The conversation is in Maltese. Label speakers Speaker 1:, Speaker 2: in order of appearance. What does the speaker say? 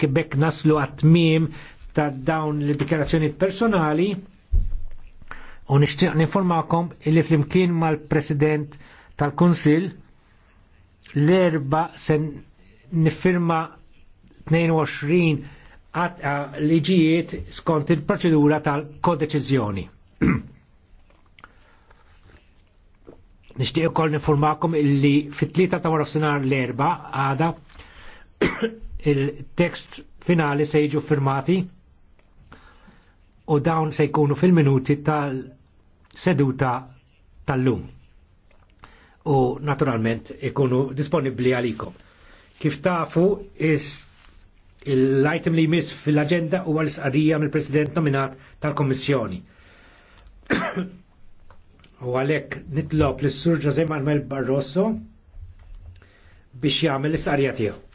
Speaker 1: kibbek naslu għatmim ta' dawn li dikjarazzjoni personali u nixtieq ninformakom li flimkien mal-President tal-Kunsil l-erba se nifirma 22 liġijiet skont il-proċedura tal-kodeċizjoni. Nixtieq ukoll nifurmakom illi fit-tlieta ta' warafsinar l-erba għada il-tekst finali se jiġu firmati u dawn se jkunu fil-minuti tal-seduta tal-lum. U naturalment ikunu disponibli għalikom. Kif tafu l-item li jmiss fil-agenda u għal-sqarija mill-President nominat tal-Kommissjoni. u għalek nitlob l-Sur Jose Manuel Barroso biex jagħmel l-istqarrija tiegħu.